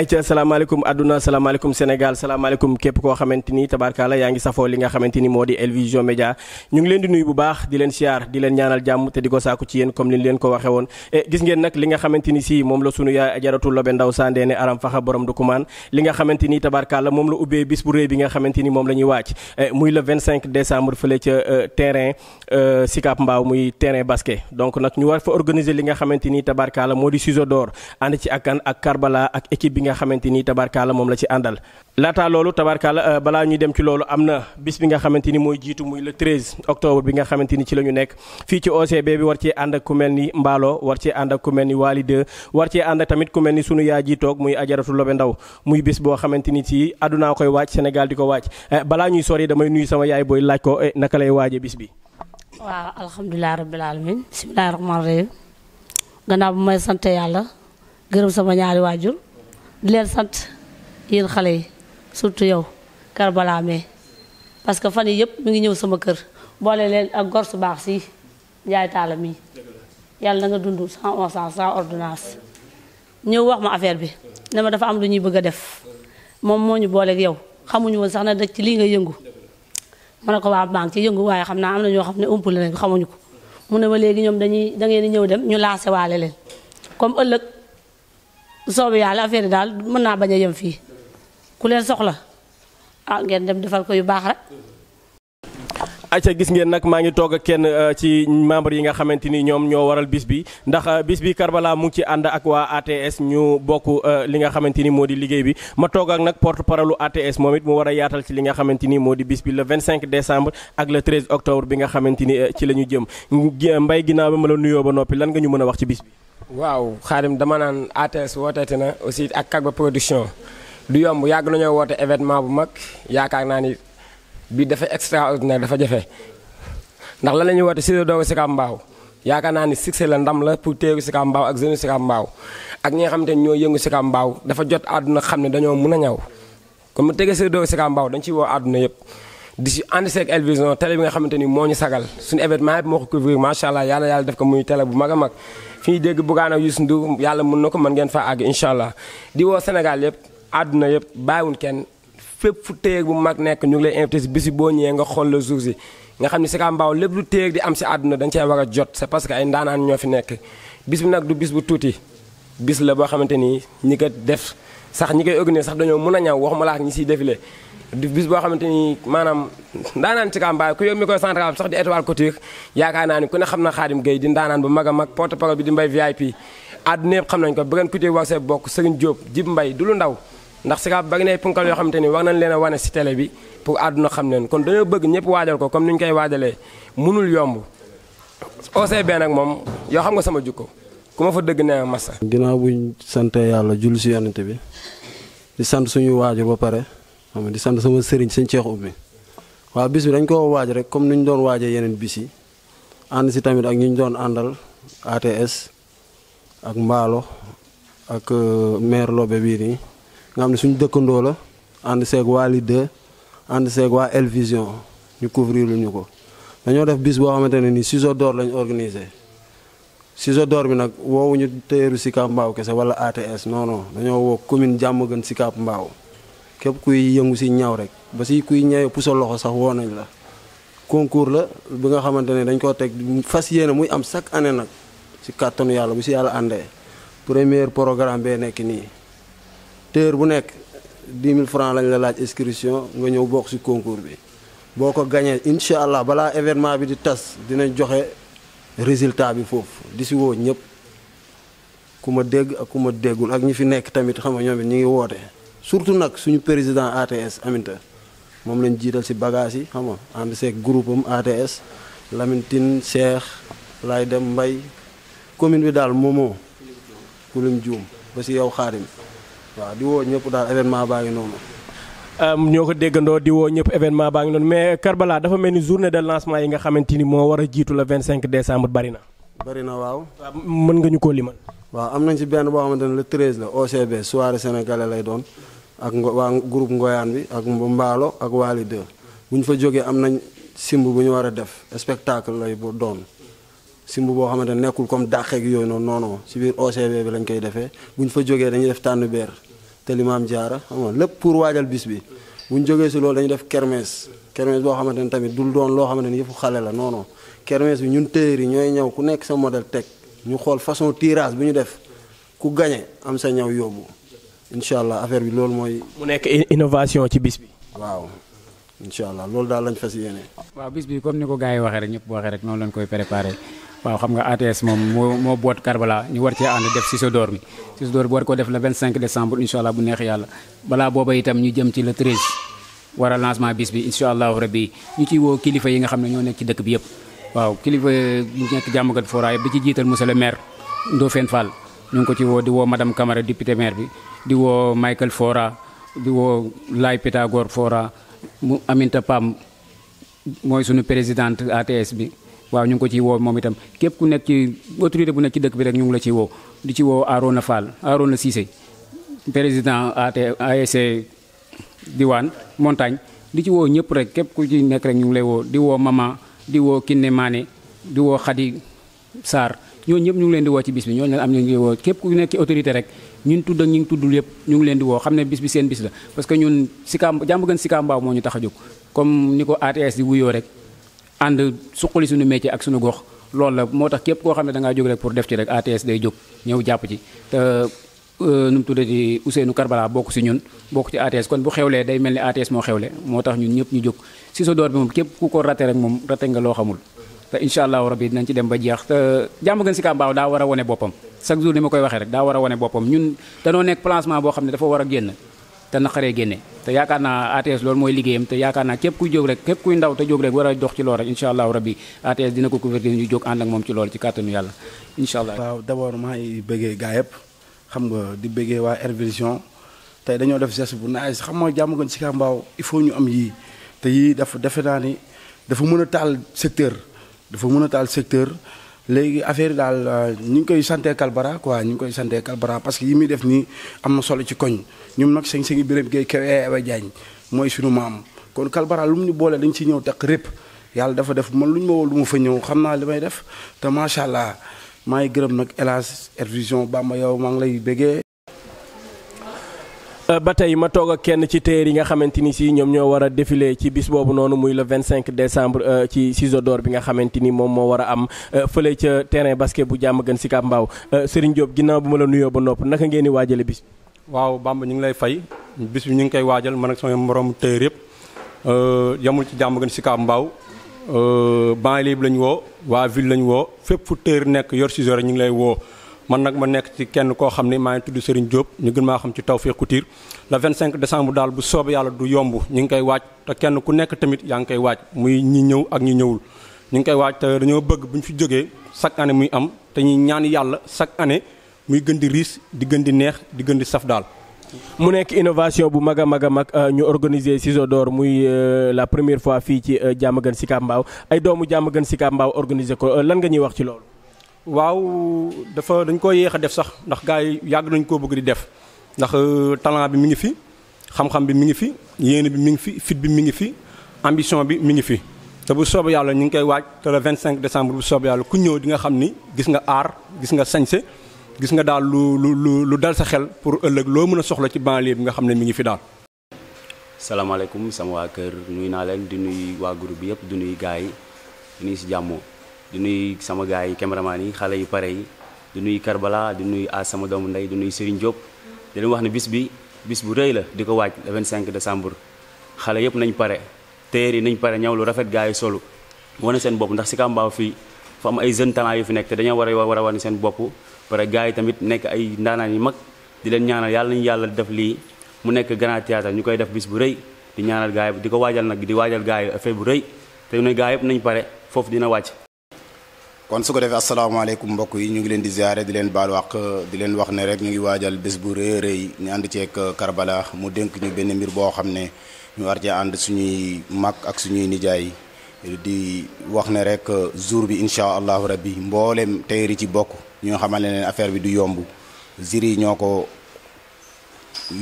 ay alaykum aduna assalamu alaykum senegal Senegal alaykum kep ko xamanteni tabaraka allah yaangi safo li nga xamanteni nyunglendu Elvision media ñu ngi leen di nuyu bu baax di leen siyaar di leen ñaanal jamm te diko saaku ci yeen comme li leen ko waxe won e eh, gis ngeen nak li nga xamanteni si mom la sunu ya jaratu lobe ndaw sandeene aram faxa borom du kuman li nga xamanteni tabaraka allah mom la ubbe bis bu reey bi nga xamanteni mom lañuy wacc eh, muy le 25 décembre fele ci eh, terrain sikap mbaw muy terrain basket donc nak ñu war fa organiser li nga xamanteni tabaraka allah modi di d'or and ci ak kan? ak Karbala ak équipe nga xamante ni tabarkaala moom la ci àndal laataa loolu tabarkaala euh, balaa ñuy dem ci loolu am na bis bi nga xamante ni mooy jiitu muy le 13 octobre bi nga xamante ni ci la ñu nekk fii ci OCB bi war cee ànd ak ku mel ni Mballo war cee ànd ak ku mel ni Walide war cee ànd tamit ku mel ni sunu yaay ji muy ajaratu Lobe Ndaw muy bis boo xamante ci àddunaa koy waaj Sénégal di ko waaj euh, balaa ñuy sori damay nuyu sama yaay booy laaj ko euh, naka lay waaje bis bi waaw alhamdulilah rabbil alamin bismillahi rahmaani di leen sant yéen xale yi surtout yow Karbala mee parce que fan yi yëpp mu ngi ñëw sama kër boole leen ak gor su baax si Njaay Taala mii yàlla na nga dund sans ordonnance san ordonnance ñëw wax ma affaire bi ne ma dafa am lu ñuy bëgg a def moom moo ñu booleeg yow xamuñu woon sax na daj ci lii nga yëngu ma ne ko waa banque ci yëngu waaye xam naa am na ñoo xam ne umpale nañ xamuñu ko mu ne ma léegi ñoom dañuy da ngeen di ñëw dem ñu laase waale leen comme ëllëg. bu soobee yàlla affaire yi daal mën naa bañ a yem fii ku leen soxla ah ngeen dem defal ko yu baax rek. acca gis ngeen nag maa ngi toog ak kenn euh, ci membre yi nga xamante ni ñoom ñoo waral bis bi ndax euh, bis bi kar balaa mu ngi ci ànd ak waa ATS ñu bokk euh, li nga xamante ni moo di liggéey bi ma toog ak nag porte parole ATS moom it mu war a yaatal ci li nga xamante ni moo di bis bi le 25 décembre ak le 13 octobre bi nga xamante ni ci la ñu jëm mbay ginnaaw ba ma la nuyoo ba noppi lan nga ñu mën a wax ci bis bi. waaw xaarim dama naan ATS wooteete na aussi ak Kaba production du yomb yàgg nañoo woote événement bu mag yaakaar naa ni bi dafa extraordinaire dafa jafe ndax la la ñuy woote Cissé Dongo Sicap Mbao yaakaar naa ni succès la ndam la pour téeru Sicap Mbao ak jeune Sicap Mbao ak ñi nga xamante ni ñoo yëngu Sicap Mbao dafa jot àdduna xam ne dañoo mun a ñaw kon mu tegee Cissé Dongo Sicap Mbao dañ ciy woo àdduna yëpp di si ànd seeg El Vision télé bi nga xamante ni moo ñu sagal suñu événement yëpp moo ko couvrir macha allah yàlla yàlla def ko muy télé bu mag a mag fi ñuy dégg Bougane yàlla mën na ko mën ngeen faa àgg incha allah di woo Sénégal yëpp àdduna yëpp bàyyiwuñ kenn fépp fu téyeeg bu mag nekk ñu ngi lay invité si boo ñëwee nga xool le jour si nga xam ne Sicap Mbao lépp lu téyeeg di am si àdduna dañ cay war a jot c'est parce que ay ndaanaan ñoo fi nekk bis bi nag du bis bu tuuti bis la boo xamante ni ñi ko def sax ñi koy organiser sax dañoo mën a ñaw waxuma laa ñi siy défilé du bis boo xamante ni maanaam ndaanaan Sicap Mbao ku yow mi koy central sax di étoile couture yaakaar naa ni ku ne xam na Xaadim Gueye di ndaanaan bu mag a mag porte parole mbay VIP àdduna yëpp xam nañ ko bëgën couture wax see bokk Serigne Diop Jib Mbay du lu ndaw ndax Sicap bag nay punkal yoo xamante ni war nañ leen a wane si télé bi pour àdduna xam leen kon dañoo bëgg ñëpp waajal ko comme ni ñu koy waajalee mënul yomb OCB nag moom yoo xam nga sama jukko ku ma fa dëgg nee massa ginnaaw buñ sante yàlla jull si yonent bi di sant suñu waajur ba pare xam di sant sama sëriñ sëñ Cheikh Oumy waaw bis bi dañ ko waaj rek comme ni ñu doon waajee yeneen bis yi ànd si tamit ak ñu doon àndal ATS ak mbaalo ak euh, maire Lobé bii nga xam ne suñu dëkkandoo la ànd seeg waa Ligue 2 ànd seeg waa El ñu couvrir lu ñu ko dañoo def bis boo xamante ne nii ciseau door lañ organisé ciseau d'or bi nag woowuñu téyeeru Sicap Mbao kese wala ATS non non dañoo woo commune Diamaguène Sicap képp kuy yëngu si ñaw rek ba si kuy ñëwee puso loxo sax woo nañ la concours la bi nga xamante ne dañ koo teg fas yéene muy am chaque année nag si kàttanu yàlla bu si yàlla àndee premier programme bee nekk nii téer bu nek 10 000 francs lañ la laaj inscription nga ñëw bok ci concours bi boko ko inshallah bala allah événement bi di tass dinañ joxe résultat bi fofu disi wo ñep kuma ku ma dégg ak ku déggul ak ñi fi nek tamit xam nga ñoom it ngi woote surtout nak suñu président ATS Aminta mom lañ jiital ci bagage yi xam nga ànd seeg groupe am ATS Lamine Tine Cheikh lay dem Mbay commune bi dal momo kulum juum ba ci yow xaarim waaw di woo ñëpp daal événement baa ngi noonu. ñoo ko déggandoo diwoo woo ñëpp événement baa ngi noonu mais Karbala dafa mel ni journée de lancement yi nga xamante ni moo war a jiitu le 25 décembre bari na. bari na waaw. waaw mën nga ñu ko liman waaw am nañ ci benn boo xamante ne le 13 la OCB soirée sénégalais lay doon ak waa groupe Ngoyaan bi ak Mbaalo ak Waly 2 bu ñu fa jógee am nañ simb bu ñu war a def spectacle lay doon. simb boo xamante ne nekkul comme dàqeeg yooyu noonu non non si biir OCB bi lañ koy defee bu fa jógee dañuy def tànn beer te limaam jaara xam lépp pour waajal bis bi bu ñu jógee si loolu dañuy def kermesse kermesse boo xamante ne tamit dul doon loo xamante ni yëfu xale la non non kermesse bi ñun téer ñooy ñëw ku nekk sa modèle teg ñu façon tirage bi ñu def ku gañe am sa ñaw yóbbu incha allah affaire bi loolu mooy. mu nekk innovation ci bis bi. waaw. incha allah loolu daal lañ fas yéene. waaw bis bi comme ni ko gars yi waxee rek ñëpp waxee rek noonu lañ koy préparé waaw xam nga ATS moom moo moo boot Karbala ñu war cee ànd def Cisso d'or bi Cisso d'or bi war ko def le 25 décembre incha allah bu neex yàlla balaa booba itam ñu jëm ci le 13 wara a bis bi incha allahu rabbi ñu ciy woo kilifa yi nga xam ne ñoo nekk ci dëkk bi yëpp waaw kilifa ñu nekk jàmmagat foraay bi ci jiital monsieur le maire Ndofène Fall ñu ngi ko ci woo di woo madame Camara député maire bi di woo Michael Fora di woo Laay Pythagore mu Aminta Pam mooy suñu présidente ATS bi waaw ñu ngi ko ciy woo moom itam képp ku nekk ci autorité bu nekk ci dëkk bi rek ñu ngi la ciy woo di ci woo Arona Fall Arona Cissé président AT ASC diwaan montagne di ci woo ñëpp rek képp ku ci nekk rek ñu ngi lay woo di woo Mama di woo Kiné Mané di woo Khady Sarr ñooñu ñëpp ñu ngi leen di woo ci bis bi ñooñu la am ñu ngi woo képp ku nekk ci autorité rek ñun tudd ak ñu ngi tuddul yëpp ñu ngi leen di woo xam ne bis bi seen bis la parce que ñun Sicap Diamaguène Sicap Mbao moo ñu tax a jóg comme ni ko ATS di wuyoo rek ànd suqali suñu métier ak suñu gox loolu la moo tax képp koo xam ne da jóg rek pour def ci rek ATS day jóg ñëw jàpp ci te euh, nu mu tuddati Ousseynou Karbala bokk si ñun bokk ci ATS kon bu xewlee day mel ni ATS moo xewle moo tax ñun ñëpp ñu jóg si sa door bi moom képp ku ko rate rek moom rate nga loo xamul te incha allahu rabbi dinañ ci dem ba jeex te jàmm gën si kàmbaaw daa war a wane boppam chaque jour ni ma koy waxee rek daa war a wane boppa ñun danoo nekk placement boo xam ne dafa war a génn te naqaree génnee te yaakaar naa ATS loolu mooy liggéeyam te yaakaar naa képp kuy jóg rek képp kuy ndaw te jóg rek war a dox ci loolu rek incha allahu rabbi ATS dina ko couvertir ñu jóg ànd ak moom ci loolu ci kàttanu yàlla incha allah. waaw d' abord maa bëggee gaa yëpp xam nga di bëggee waa Air te dañoo def geste bu naaj xam nga jàmm gën si Kambaaw il faut ñu am yii te yii dafa defe naa ni dafa mën a taal secteur dafa mën a taal secteur léegi affaire yi daal euh, ñu ngi koy sante Kalbara quoi ñu ngi koy sante Kalbara parce que yi muy def nii am na solo ci koñ ñun nag sëñ sëñ Birame Gueye Kewé Ewa jaañ mooy suñu maam kon Kalbara lu mu ñu boole dañ ci ñëw taq répp yàlla dafa def man lu ñu ma lu mu fa ñëw xam naa li may def te macha allah maa ngi gërëm nag El Hadj Vision Bamba yow maa ngi lay bégee. Euh, ba tey ma toog ak kenn ci téer yi nga xamante ni si ñoom ñoo war defilee défilé ci bis boobu noonu muy le 25 décembre euh, ci ciseau d'or bi nga xamante ni moom moo war a am euh, fële ca terrain basket bu jàmm gën Sicap Mbao Serigne Diop ginnaaw bu ma la nuyoo ba nopp naka ngeen di waajale bis waaw Bamba ñu ngi lay fay bis bi ñu ngi koy waajal man ak sama moroom téer yëpp yamul ci jàmm gën Sicap Mbao banlieue bi lañ woo waa ville lañ woo fépp fu téer nekk yor ciseau ñu ngi lay woo man nag ma nekk ci kenn koo xam ni maa ngi tudd Serigne Diop ñu gën maa xam ci Tawfekh Couture le 25 décembre daal bu soobee yàlla du yomb ñu ngi koy waaj te kenn ku nekk tamit yaa ngi koy waaj muy ñi ñëw ak ñi ñëwul ñu ngi koy waaj te dañoo bëgg bu ñu fi jógee chaque année muy am te ñuy ñaan yàlla chaque année muy gën di riis di gën di neex di gën di saf daal mu nekk innovation bu mag a mag a mag euh, ñu organiser ciseau d'or muy euh, la première fois fii ci euh, Diamaguène Sicap Mbao ay doomu Diamaguène Sicap Mbao organiser ko lan nga ñuy wax ci loolu waaw dafa dañ ko yéex a def sax ndax gaay yàgg nañ koo bëgg di def ndax euh, talent bi mi ngi fi xam-xam bi mi ngi fi yéene bi mi ngi fi fit bi mi ngi fi ambition bi mi ngi fi te bu soob yàlla ñu ngi koy waaj te le 25 décembre bu soob yàlla ku ñëw di nga xam ni gis nga aar gis nga sañse gis nga daal lu lu lu lu dal sa xel pour ëllëg loo mën a soxla ci banlieue bi nga xam ne mi ngi fi daal salaamaaleykum sama waa kër nuyu naa leen di nuyu waa groupe bi yëpp di nuyu gars ni si jàmmoo di nuyu sama gaay cameraman yi xalé yi paré yi di nuyu Karbala di nuyu a sama doomu nday di nuyu Serigne Diop di leen wax ni bis bi bis bu reuy la diko wajj le 25 décembre xalé yépp nañ paré téré yi nañ paré ñaw lu rafet gaay solu woné sen bop ndax ci kambaaw fi fa am ay jeune talent yu fi nek te dañu wara wara wani sen bop paré gaay tamit nek ay ndaanaan yu di len ñaanal yalla ñu yalla def li mu nek grand théâtre ñukoy def bis bu reuy di ñaanal gaay di ko waajal di wajjal gaay effet bu reuy te ñu gaay yëpp nañ pare fofu dina wàcc kon su ko defee asalaamaaleykum mbokk yi ñu ngi leen di ziare di leen baal wax di leen wax ne rek ñu ngi waajal bés bu rëy a rëy ñu ànd ceeg euh, Karbala mu dénk ñu benn mbir boo xam ne ñu war cee ànd suñuy mag ak suñuy nijaay di wax ne rek euh, jour bi incha allahu rabbi mboolem teyri ci bokk ñu nga xamal ne affaire bi du yomb jury ñoo ko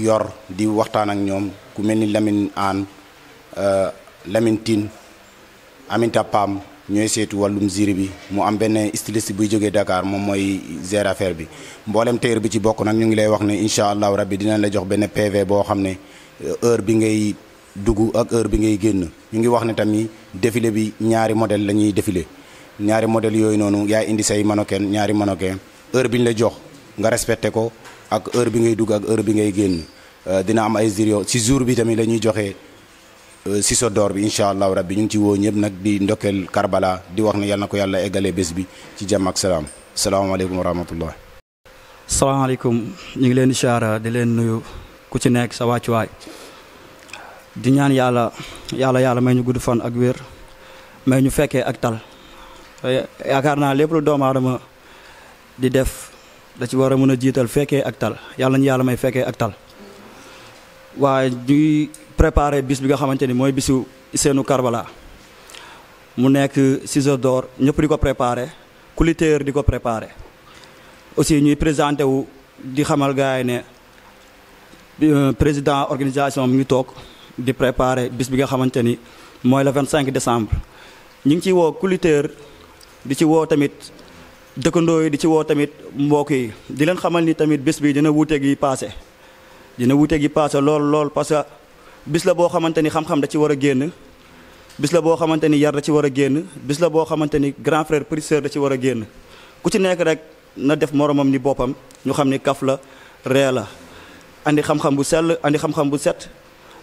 yor di waxtaan ak ñoom ku mel ni lamin Anne Lamine euh, Aminta Pam. ñooy seetu wàllum jury bi mu am benn styliste buy jógee Dakar moom mooy gérer affaire bi mboolem téer bi ci bokk nag ñu ngi lay wax ne incha allahu rabbi dinañ la jox benn PV boo xam ne euh, heure bi ngay dugg ak heure bi ngay génn ñu ngi wax ne tamit défilé bi ñaari modèle la ñuy défilé ñaari modèle yooyu noonu yaay indi say mannequin ñaari mannequin heure bi ñu la jox nga respecté ko ak heure bi ngay dugg ak heure bi ngay génn euh, dina am ay jury ci jour bi tamit la ñuy joxe. Euh, Siso d'or bi incha allahu rabbi ñu ngi ci woo ñëpp nag di ndokkeel Karbala di wax ne yàlla na ko yàlla eggalee bés bi ci jàmm ak salaam salaamaaleykum wa rahmatullah. salaamaaleykum ñu ngi leen di siyaara di leen nuyu ku ci nekk sa wàccuwaay di ñaan yàlla yàlla yàlla may ñu gudd fan ak wér may ñu fekkee ak tal yaakaar naa lépp lu doom aadama di def da ci war a mën a jiital fekkee ak tal yàlla ñu yàlla may fekkee ak tal waaye ñuy préparé bis bi nga xamante ni mooy bisu seenu Karbala mu nekk six heures d'or ñëpp di ko préparé culture di ko préparé aussi ñuy présenté wu di xamal gars yi ne euh, président organisation mi ngi toog di préparé bis bi nga xamante ni mooy le vingt cinq décembre ñu ngi ci woo culture di ci woo tamit dëkkandoo yi di ci woo tamit mbokk yi di leen xamal ni tamit bés bi dina wuuteeg yi paase dina wuuteeg yi paase lool lool parce que bis la boo xamante ni xam-xam da ci war a génn bis la boo xamante ni yar da ci war a génn bis la boo xamante ni grand frère petit da ci war a génn ku ci nekk rek na def moromam ni boppam ñu xam ni kaf la ree la andi xam-xam bu sell indi xam-xam bu set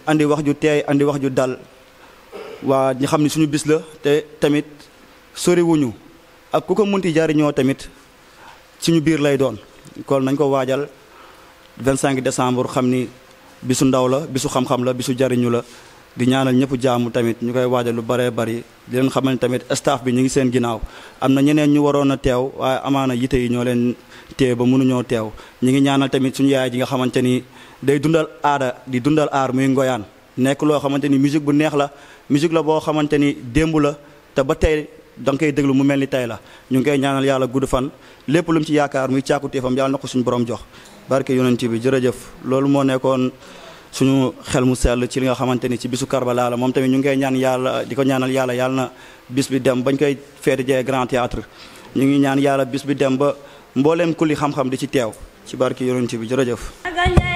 indi wax ju teey indi wax ju dal waa ñu xam ni suñu bis la te tamit soriwuñu ak ku ko munti jariñoo tamit suñu biir lay doon kon nañ ko waajal 25 décembre xam ni bisu ndaw la bisu xam-xam la bisu jariñu la di ñaanal ñëpp jaamu tamit ñu koy waaja lu baree bari di leen xamante tamit staff bi ñu ngi seen ginnaaw am na ñeneen ñu waroon a teew waaye amaana yite yi ñoo leen téye ba mënuñoo teew ñu ngi ñaanal tamit suñ yaay ji nga xamante ni day dundal aada di dundal aar muy ngoyaan nekk loo xamante ni musique bu neex la musique la boo xamante ni démb la te ba tey da nga koy déglu mu mel ni tey la ñu ngi koy ñaanal yàlla gudd fan lépp lu mu ci yaakaar muy càkkutéefam yàlla na ko suñu borom jox barke yonent bi jërëjëf loolu moo nekkoon suñu xel mu sell ci li nga xamante ni ci bisu Karbala la moom tamit ñu ngi koy ñaan yàlla di ko ñaanal yàlla yàlla na bis bi dem bañ koy feete jee grand théâtre ñu ngi ñaan yàlla bis bi dem ba mbooleem kulli xam-xam di ci teew ci barke yonent bi jërëjëf